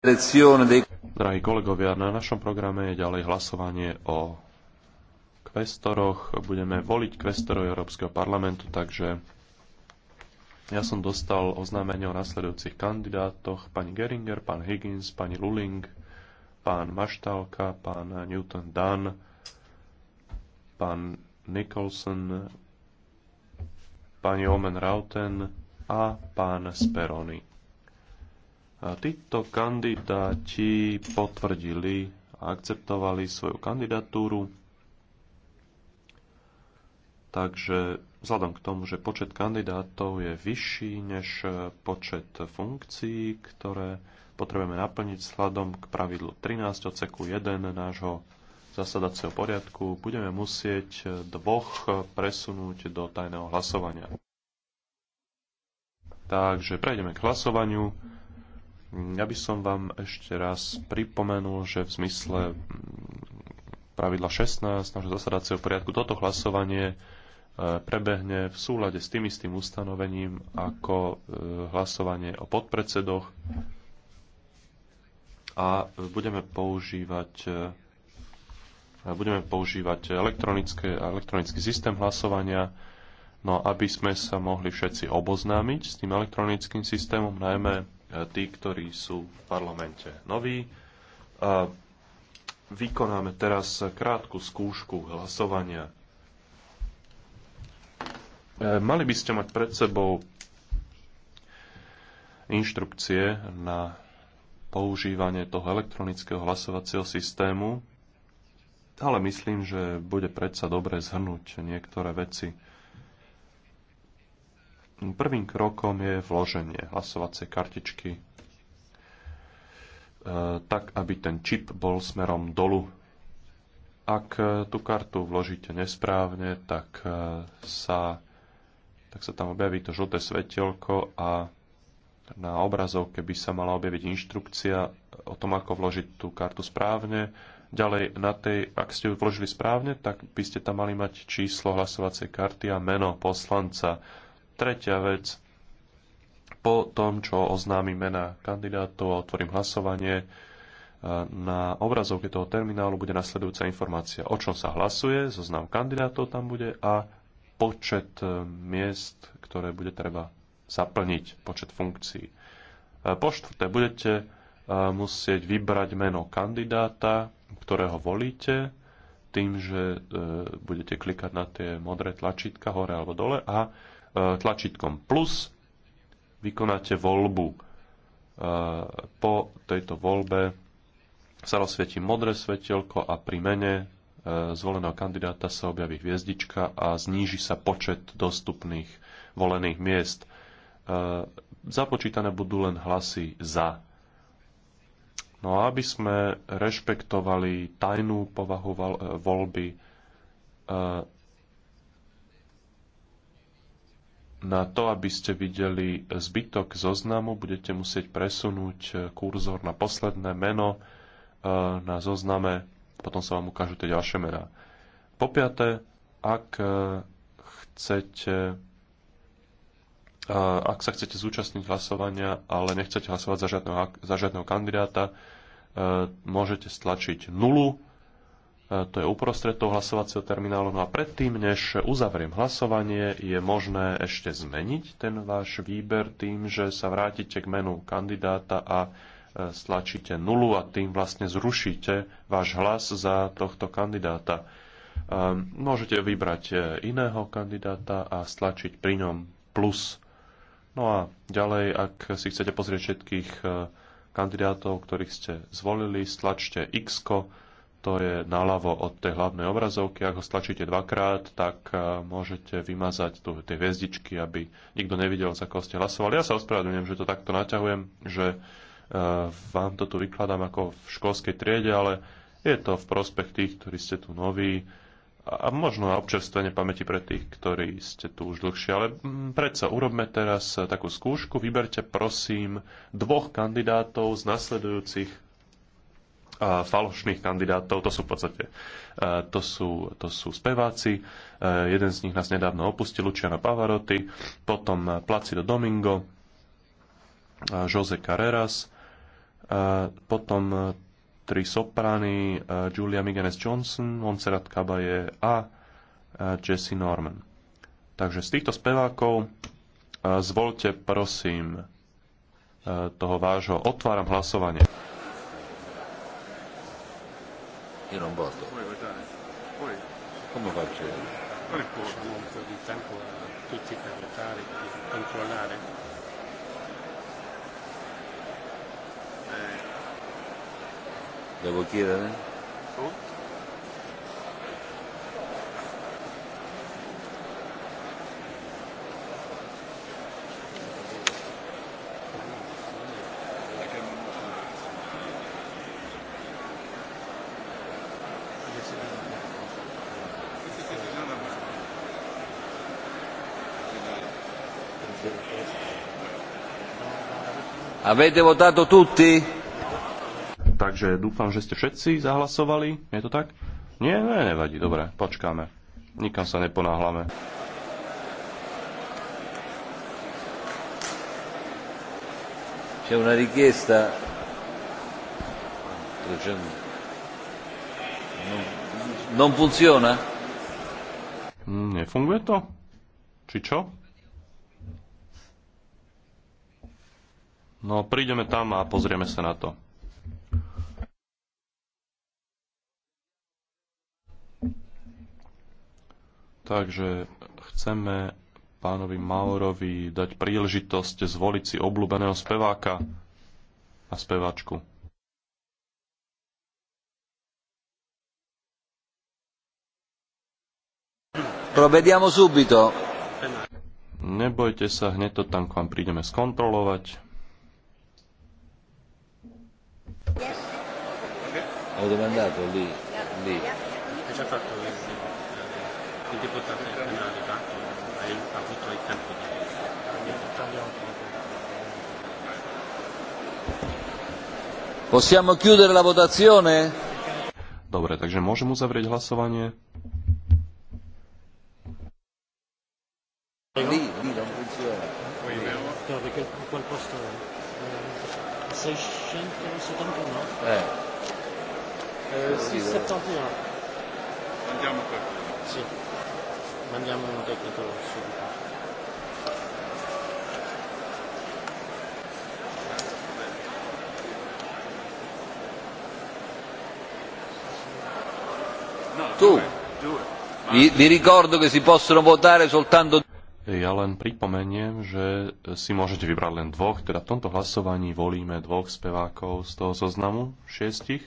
Drahí kolegovia, na našom programe je ďalej hlasovanie o kvestoroch. Budeme voliť kvestorov Európskeho parlamentu, takže ja som dostal oznámenie o nasledujúcich kandidátoch. Pani Geringer, pán Higgins, pani Luling, pán Maštálka, pán Newton Dunn, pán Nicholson, pani Omen Rauten a pán Speroni. Títo kandidáti potvrdili a akceptovali svoju kandidatúru, takže vzhľadom k tomu, že počet kandidátov je vyšší než počet funkcií, ktoré potrebujeme naplniť vzhľadom k pravidlu 13 odseku 1 nášho zasadacieho poriadku, budeme musieť dvoch presunúť do tajného hlasovania. Takže prejdeme k hlasovaniu. Ja by som vám ešte raz pripomenul, že v zmysle mm, pravidla 16 nášho zasadacieho poriadku toto hlasovanie e, prebehne v súlade s tým istým ustanovením ako e, hlasovanie o podpredsedoch a budeme používať e, budeme používať elektronické, elektronický systém hlasovania, no aby sme sa mohli všetci oboznámiť s tým elektronickým systémom, najmä E, tí, ktorí sú v parlamente noví. E, vykonáme teraz krátku skúšku hlasovania. E, mali by ste mať pred sebou inštrukcie na používanie toho elektronického hlasovacieho systému, ale myslím, že bude predsa dobre zhrnúť niektoré veci. Prvým krokom je vloženie hlasovacej kartičky e, tak, aby ten čip bol smerom dolu. Ak e, tú kartu vložíte nesprávne, tak e, sa, tak sa tam objaví to žlté svetelko a na obrazovke by sa mala objaviť inštrukcia o tom, ako vložiť tú kartu správne. Ďalej, na tej, ak ste ju vložili správne, tak by ste tam mali mať číslo hlasovacej karty a meno poslanca tretia vec, po tom, čo oznámim mena kandidátov a otvorím hlasovanie, e, na obrazovke toho terminálu bude nasledujúca informácia, o čom sa hlasuje, zoznam kandidátov tam bude a počet e, miest, ktoré bude treba zaplniť, počet funkcií. E, po štvrté, budete musieť vybrať meno kandidáta, ktorého volíte, tým, že budete klikať na tie modré tlačítka hore alebo dole a tlačítkom plus, vykonáte voľbu. E, po tejto voľbe sa rozsvietí modré svetelko a pri mene e, zvoleného kandidáta sa objaví hviezdička a zníži sa počet dostupných volených miest. E, započítané budú len hlasy za. No a aby sme rešpektovali tajnú povahu voľby, na to, aby ste videli zbytok zoznamu, budete musieť presunúť eh, kurzor na posledné meno eh, na zozname, potom sa vám ukážu tie ďalšie mená. Po piaté, ak eh, chcete ak sa chcete zúčastniť hlasovania, ale nechcete hlasovať za žiadneho, za žiadneho kandidáta, môžete stlačiť nulu to je uprostred toho hlasovacieho terminálu. No a predtým, než uzavriem hlasovanie, je možné ešte zmeniť ten váš výber tým, že sa vrátite k menu kandidáta a e, stlačíte nulu a tým vlastne zrušíte váš hlas za tohto kandidáta. E, môžete vybrať e, iného kandidáta a stlačiť pri ňom plus. No a ďalej, ak si chcete pozrieť všetkých kandidátov, ktorých ste zvolili, stlačte X, -ko to je naľavo od tej hlavnej obrazovky. Ak ho stlačíte dvakrát, tak eh, môžete vymazať tu, tie hviezdičky, aby nikto nevidel, za koho ste hlasovali. Ja sa ospravedlňujem, že to takto naťahujem, že eh, vám to tu vykladám ako v školskej triede, ale je to v prospech tých, ktorí ste tu noví a možno na občerstvenie pamäti pre tých, ktorí ste tu už dlhšie. Ale mm, predsa urobme teraz takú skúšku. Vyberte prosím dvoch kandidátov z nasledujúcich falošných kandidátov, to sú v podstate e, to sú, to sú speváci, e, jeden z nich nás nedávno opustil, Luciano Pavarotti, potom Placido Domingo, e, Jose Carreras, potom tri soprány Julia Migenes Johnson, Montserrat Caballé a Jesse Norman. Takže z týchto spevákov zvolte prosím toho vášho. Otváram hlasovanie. Io non voto. Puoi votare. Puoi. Come faccio io? può un po' di tempo a tutti per votare, per controllare. Eh. Devo chiedere? Oh? Avete votato tutti? Takže dúfam, že ste všetci zahlasovali. Je to tak? Nie, ne, nevadí. Dobre, počkáme. Nikam sa neponáhlame. C'è una richiesta. Non funziona? Nefunguje to? Či čo? No, prídeme tam a pozrieme sa na to. Takže chceme pánovi Maurovi dať príležitosť zvoliť si obľúbeného speváka a speváčku. subito. Nebojte sa, hneď to tam k vám prídeme skontrolovať. Yes. Ho domandato lì. lì. È già fatto il, eh, eh, il deputato appena arrivato, eh, ha avuto il tempo di Possiamo chiudere la votazione? Dobre, takže môžem uzavrieť hlasovanie. Lì, lì non funziona. Lì. No, perché quel posto mandiamo qua sì mandiamo un tecnico subito tu vi, vi ricordo che si possono votare soltanto ja len pripomeniem, že si môžete vybrať len dvoch, teda v tomto hlasovaní volíme dvoch spevákov z toho zoznamu, šiestich.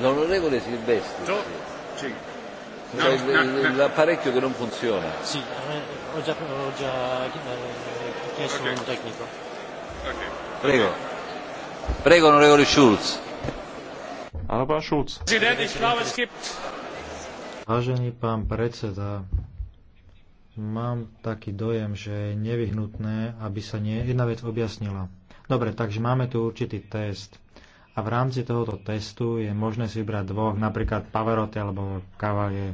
L'onorevole no, Silvestri. No, sì. No no, no, no, L'apparecchio che non funziona. Sì, eh, ho già, ho già eh, chiesto okay. un tecnico. Okay. Prego. Prego, onorevole Schulz pán Šulc. Vážený pán predseda, mám taký dojem, že je nevyhnutné, aby sa nie jedna vec objasnila. Dobre, takže máme tu určitý test. A v rámci tohoto testu je možné si vybrať dvoch, napríklad Pavarotti alebo Cavalier.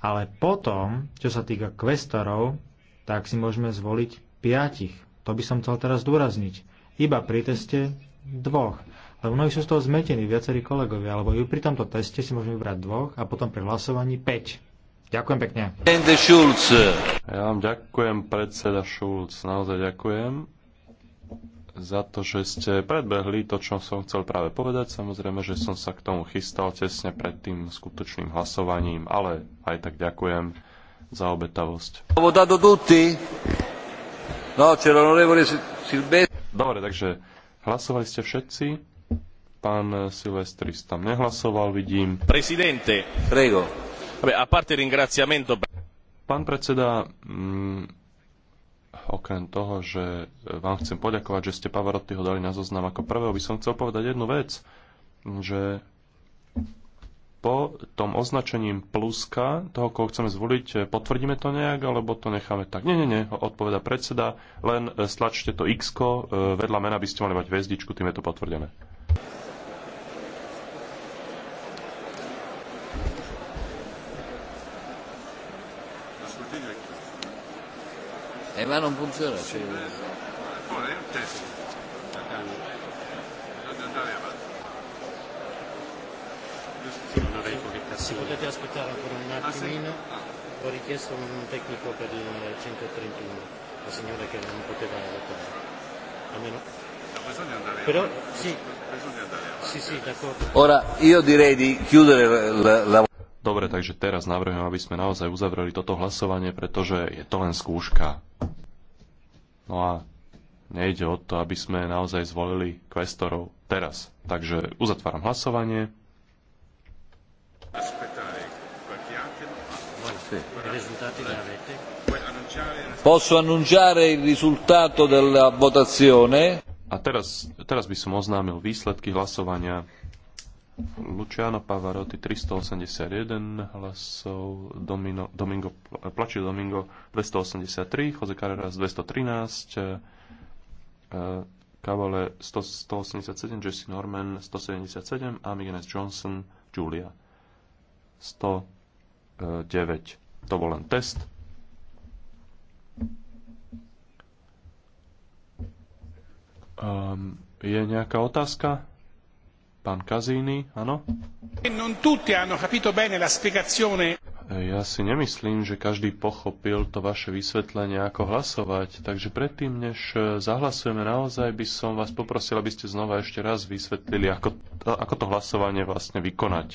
Ale potom, čo sa týka kvestorov, tak si môžeme zvoliť piatich. To by som chcel teraz zdôrazniť. Iba pri teste dvoch. Ale mnohí sú z toho zmetení, viacerí kolegovia, alebo ju pri tomto teste si môžeme vybrať dvoch a potom pri hlasovaní 5. Ďakujem pekne. Ja vám ďakujem, predseda Šulc, naozaj ďakujem za to, že ste predbehli to, čo som chcel práve povedať. Samozrejme, že som sa k tomu chystal tesne pred tým skutočným hlasovaním, ale aj tak ďakujem za obetavosť. No, Dobre, takže hlasovali ste všetci. Pán Silvestris tam nehlasoval, vidím. Presidente, prego. a parte ringraziamento... Pán predseda, mm, okrem toho, že vám chcem poďakovať, že ste Pavarottiho ho dali na zoznam ako prvého, by som chcel povedať jednu vec, že po tom označením pluska, toho, koho chceme zvoliť, potvrdíme to nejak, alebo to necháme tak? Nie, nie, nie, odpoveda predseda, len e, stlačte to x e, vedľa mena by ste mali mať hviezdičku, tým je to potvrdené. Eh, ma non funziona. Sì. Se potete aspettare ancora un ah, attimino, ah. ho richiesto un tecnico per il 131, la signora che non poteva Almeno. Però sì, sì, sì, d'accordo. Ora io direi di chiudere la... Dobre, takže teraz navrhujem, aby sme naozaj uzavreli toto hlasovanie, pretože je to len skúška. No a nejde o to, aby sme naozaj zvolili kvestorov teraz. Takže uzatváram hlasovanie. Posso annunciare il risultato della votazione? A teraz, teraz by som oznámil výsledky hlasovania. Luciano Pavarotti 381 hlasov, Domino, Domingo, Plačil Domingo 283, Jose Carreras 213, Cavale 187, Jesse Norman 177 a Miguel Johnson Julia 109. To bol len test. Um, je nejaká otázka? Pán Kazíny, áno? Ja si nemyslím, že každý pochopil to vaše vysvetlenie, ako hlasovať. Takže predtým, než e, zahlasujeme naozaj, by som vás poprosil, aby ste znova ešte raz vysvetlili, ako, to, ako to hlasovanie vlastne vykonať.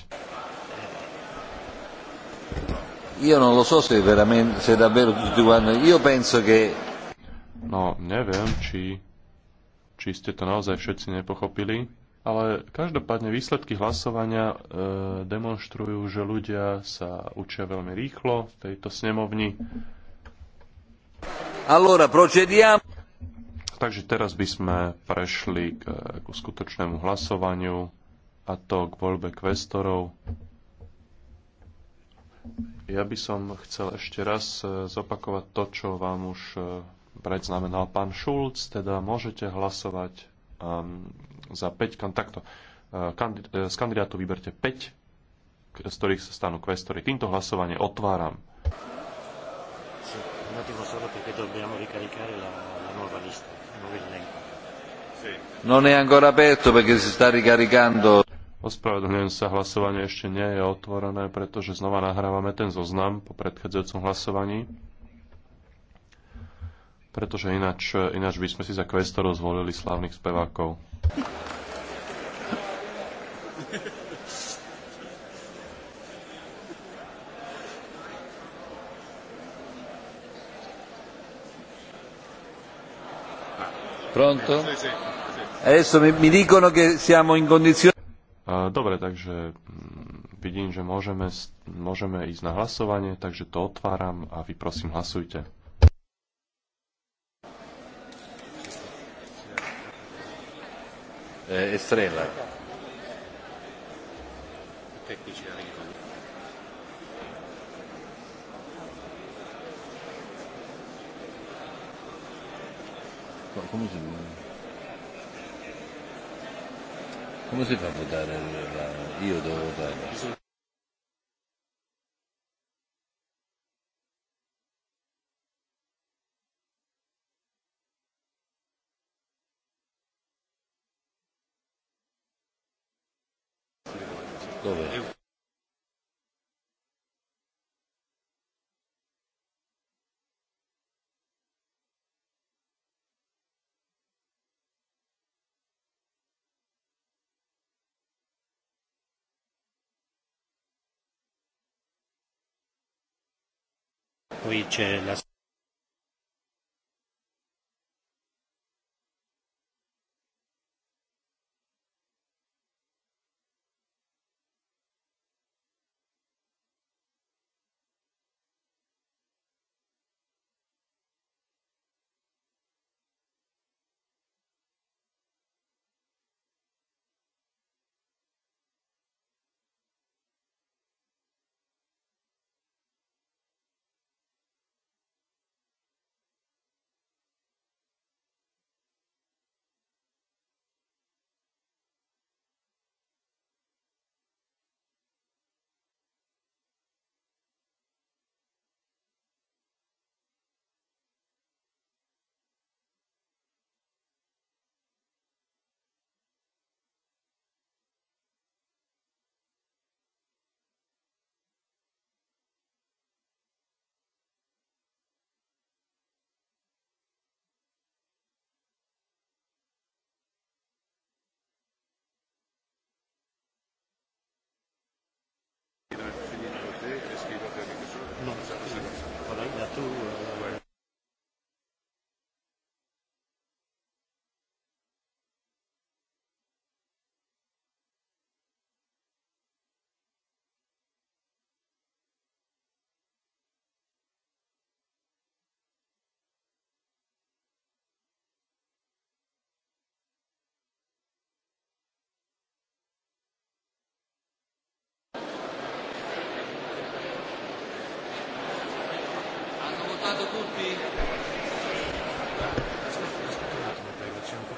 Io non lo so se veramente, se davvero tutti quanti, io penso che... No, neviem, či, či ste to naozaj všetci nepochopili. Ale každopádne výsledky hlasovania e, demonstrujú, že ľudia sa učia veľmi rýchlo v tejto snemovni. Allora, procediamo. Takže teraz by sme prešli k, k skutočnému hlasovaniu a to k voľbe kvestorov. Ja by som chcel ešte raz e, zopakovať to, čo vám už e, predznamenal pán Šulc, teda môžete hlasovať ehm, za 5 takto. E, e, z kandidátu vyberte 5, z ktorých sa stanú kvestory. Týmto hlasovanie otváram. Non è ancora aperto perché si sta ricaricando. Ospravedlňujem sa, hlasovanie ešte nie je otvorené, pretože znova nahrávame ten zoznam po predchádzajúcom hlasovaní pretože ináč, ináč by sme si za kvestorov zvolili slavných spevákov. Pronto? Adesso mi, mi dicono che siamo in condizione... Dobre, takže mm, vidím, že môžeme, môžeme ísť na hlasovanie, takže to otváram a vy prosím hlasujte. Estrella. Eh, Tecnici arrivano. Come si, come si fa a votare? La... Io devo votare. Bisogna Dove? qui c'è la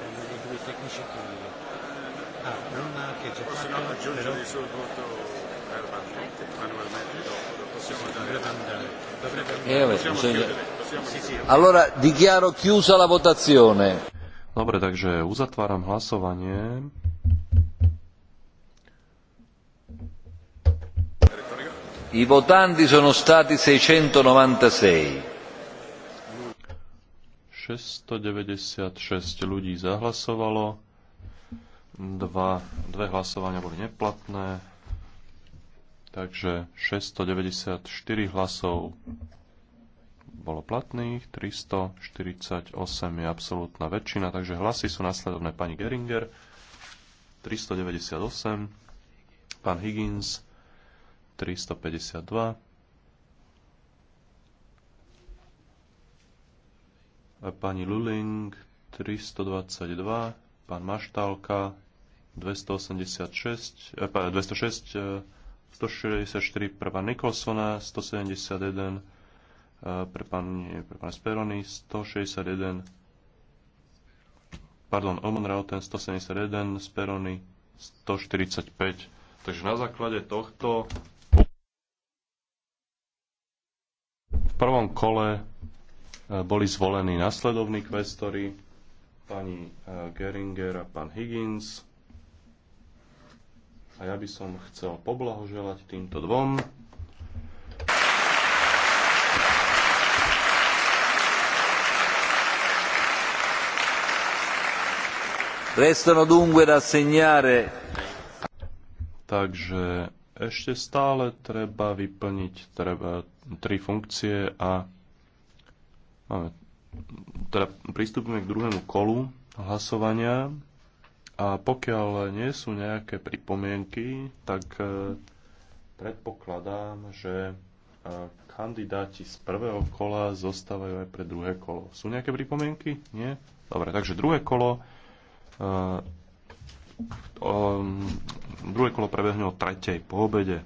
mandato tecnici che... Ah, che già aggiungere però... il suo voto verbalmente, manualmente dopo, lo possiamo dovrebbe andare. Dovrebbe andare. Eh, possiamo chiudere, possiamo sì, sì. Allora dichiaro chiusa la votazione. Dobre, takže uzatváram hlasovanie. I votanti sono stati 696. 696 ľudí zahlasovalo, dva, dve hlasovania boli neplatné, takže 694 hlasov bolo platných, 348 je absolútna väčšina, takže hlasy sú nasledovné pani Geringer 398, pán Higgins 352, pani Luling 322, pán Maštálka 286, 206, 164 pre pán Nikolsona, 171 eh, pre, nie, pre pán Speroni, 161 pardon, Omon Rauten 171, Speroni 145. Takže na základe tohto v prvom kole boli zvolení nasledovní kvestory, pani eh, Geringer a pán Higgins. A ja by som chcel poblahoželať týmto dvom. Restano dunque da segnare. Takže ešte stále treba vyplniť treba, tri funkcie a Máme, teda pristúpime k druhému kolu hlasovania a pokiaľ nie sú nejaké pripomienky, tak e, predpokladám, že e, kandidáti z prvého kola zostávajú aj pre druhé kolo. Sú nejaké pripomienky? Nie? Dobre, takže druhé kolo uh, um, druhé kolo prebehne o tretej po obede.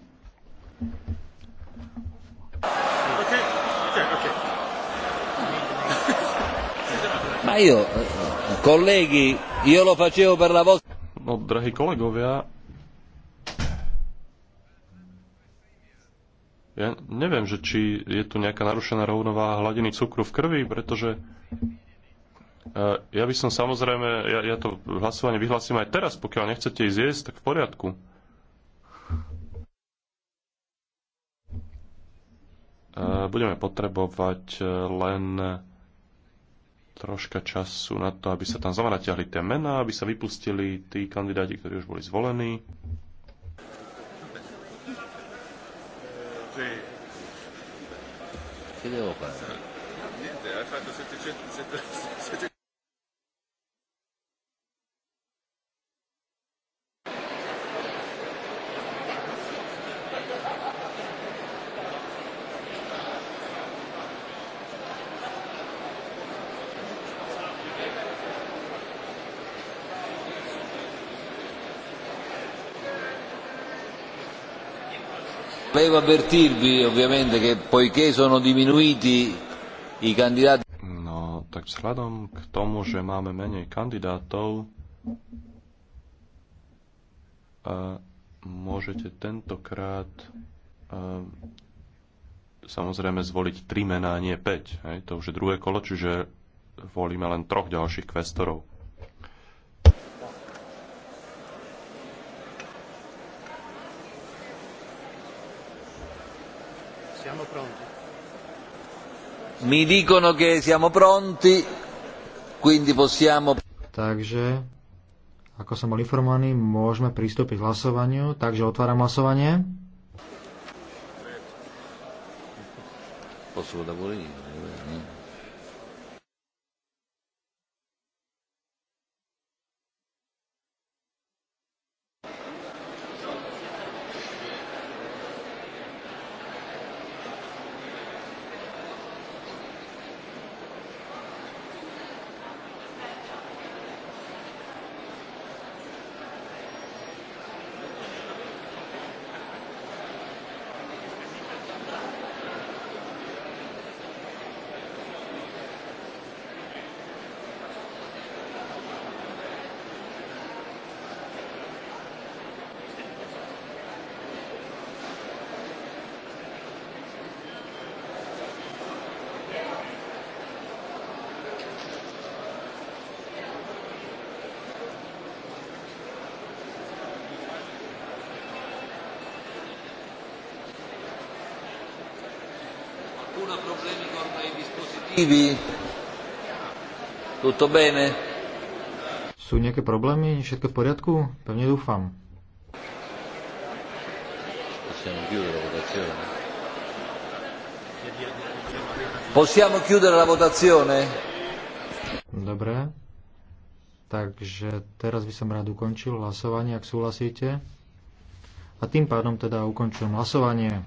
Ma io, eh, eh, colleghi, io lo facevo per la vostra... No, drahí kolegovia, ja neviem, že či je tu nejaká narušená rovnováha hladiny cukru v krvi, pretože eh, ja by som samozrejme, ja, ja to hlasovanie vyhlasím aj teraz, pokiaľ nechcete ísť jesť, tak v poriadku. Budeme potrebovať len troška času na to, aby sa tam natiahli tie mená, aby sa vypustili tí kandidáti, ktorí už boli zvolení. ¿Qué Volevo avvertirvi ovviamente che poiché sono diminuiti i candidati... No, tak vzhľadom k tomu, že máme menej kandidátov, a môžete tentokrát a, samozrejme zvoliť 3 mená, nie 5. Hej? To už je druhé kolo, čiže volíme len troch ďalších kvestorov. Mi dicono che siamo pronti, quindi possiamo... Takže, ako som bol informovaný, môžeme pristúpiť k hlasovaniu, takže otváram hlasovanie. Posso da qualcuno problemi con i dispositivi? Tutto bene? Sú nejaké problémy? Všetko v poriadku? Pevne dúfam. Possiamo chiudere la votazione? Dobre. Takže teraz by som rád ukončil hlasovanie, ak súhlasíte. A tým pádom teda ukončujem hlasovanie.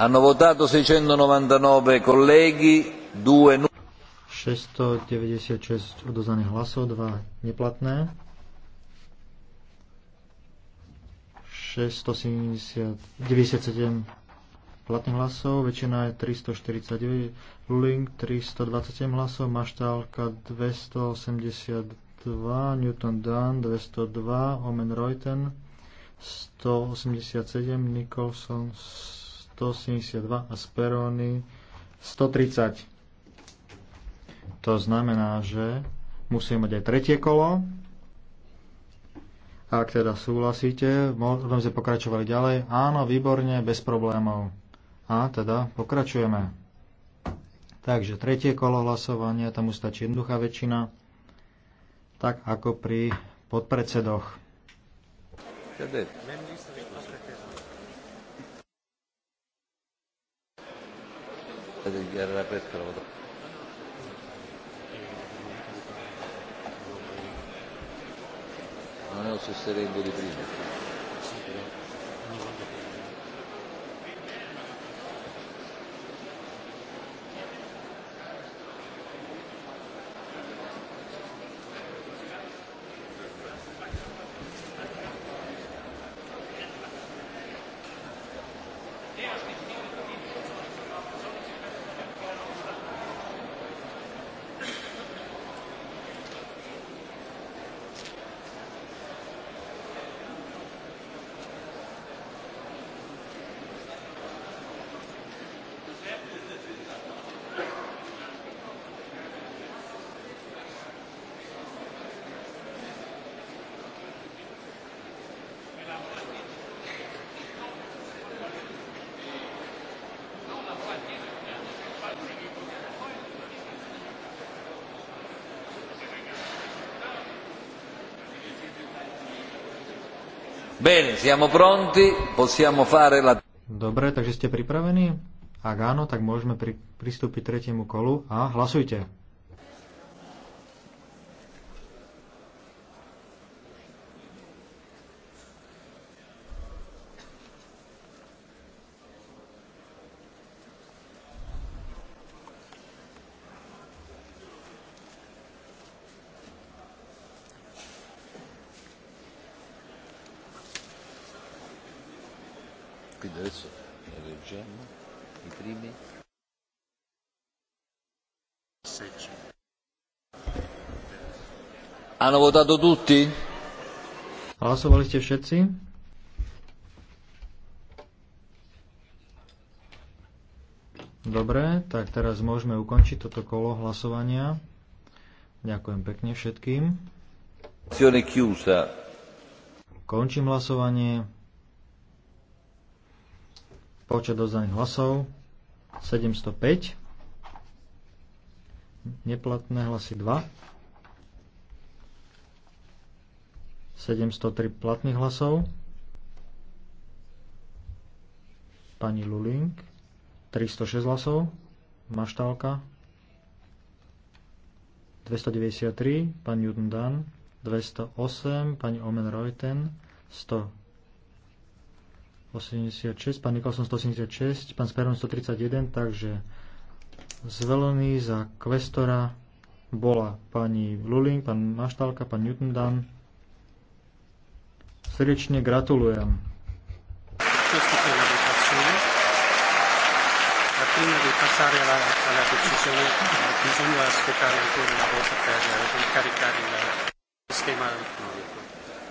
Hanno votato 699 colleghi, 2 696 odozaných hlasov, 2 neplatné. 697 platných hlasov, väčšina je 349, Luling 327 hlasov, Maštálka 282, Newton Dunn 202, Omen Reuten 187, Nicholson 100. 182 a Sperony 130. To znamená, že musíme mať aj tretie kolo. Ak teda súhlasíte, môžeme sme pokračovali ďalej. Áno, výborne, bez problémov. A teda pokračujeme. Takže tretie kolo hlasovania, tam už stačí jednoduchá väčšina, tak ako pri podpredsedoch. per dichiarare aperta la votazione. Non è un stesso di prima. Bene, siamo pronti, possiamo fare la... Dobre, takže ste pripravení? Ak áno, tak môžeme pri, pristúpiť tretiemu kolu a hlasujte. Hanno votato tutti? Hlasovali ste všetci? Dobre, tak teraz môžeme ukončiť toto kolo hlasovania. Ďakujem pekne všetkým. Končím hlasovanie. Počet oddaných hlasov 705. Neplatné hlasy 2. 703 platných hlasov. Pani Luling 306 hlasov. Maštálka 293, pani Newton Dan 208, pani Omen Reuten 186, pán Nikolson 186, pán Speron 131, takže zvelený za kvestora bola pani Luling, pán Maštálka, pán Newton Dan srdečne gratulujem.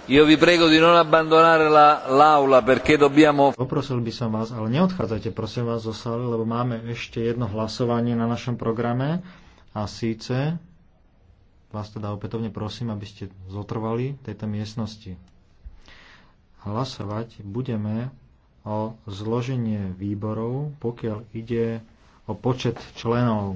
Io vi prego di non abbandonare la, l'aula perché dobbiamo... Poprosil by som vás, ale neodchádzajte prosím vás zo sály, lebo máme ešte jedno hlasovanie na našom programe a síce vás teda opätovne prosím, aby ste zotrvali tejto miestnosti hlasovať budeme o zloženie výborov, pokiaľ ide o počet členov.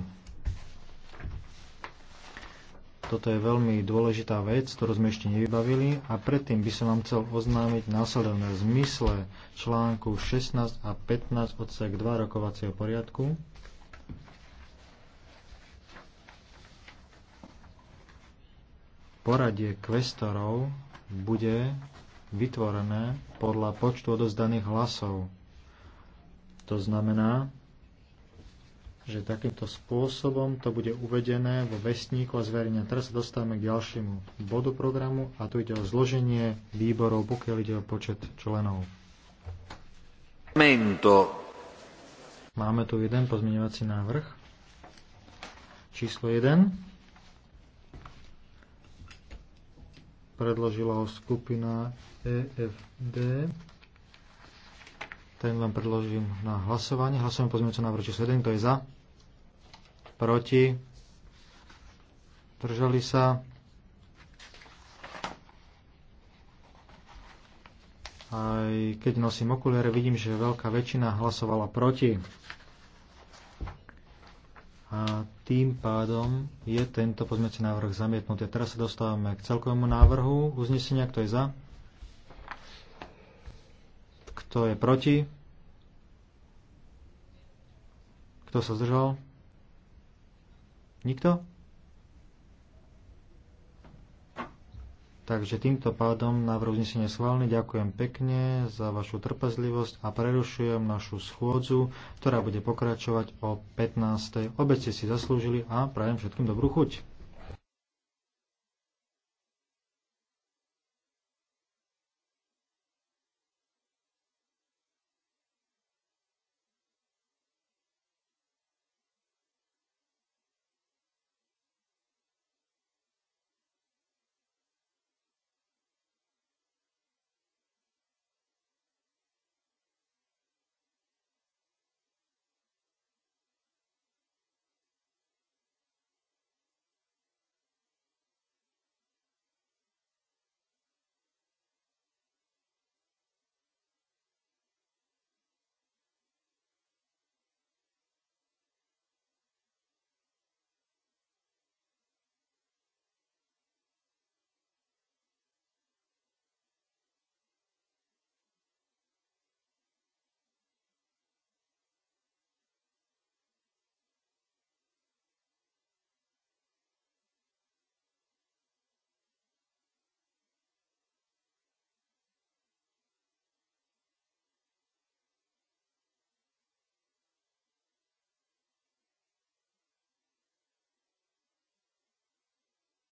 Toto je veľmi dôležitá vec, ktorú sme ešte nevybavili a predtým by som vám chcel oznámiť následovné zmysle článku 16 a 15 odsek 2 rokovacieho poriadku. Poradie kvestorov bude vytvorené podľa počtu odozdaných hlasov. To znamená, že takýmto spôsobom to bude uvedené vo vestníku a zverejne. Teraz sa dostávame k ďalšiemu bodu programu a tu ide o zloženie výborov, pokiaľ ide o počet členov. Mento. Máme tu jeden pozmeňovací návrh. Číslo 1. predložila ho skupina EFD. Ten vám predložím na hlasovanie. Hlasujeme pozmeňujúce návrh číslo 1. Kto je za? Proti? Držali sa? Aj keď nosím okuliare, vidím, že veľká väčšina hlasovala proti. A tým pádom je tento pozmeňujúci návrh zamietnutý. teraz sa dostávame k celkovému návrhu uznesenia. Kto je za? Kto je proti? Kto sa zdržal? Nikto? Takže týmto pádom návrh uznesenia schválne. Ďakujem pekne za vašu trpezlivosť a prerušujem našu schôdzu, ktorá bude pokračovať o 15. Obec ste si zaslúžili a prajem všetkým dobrú chuť.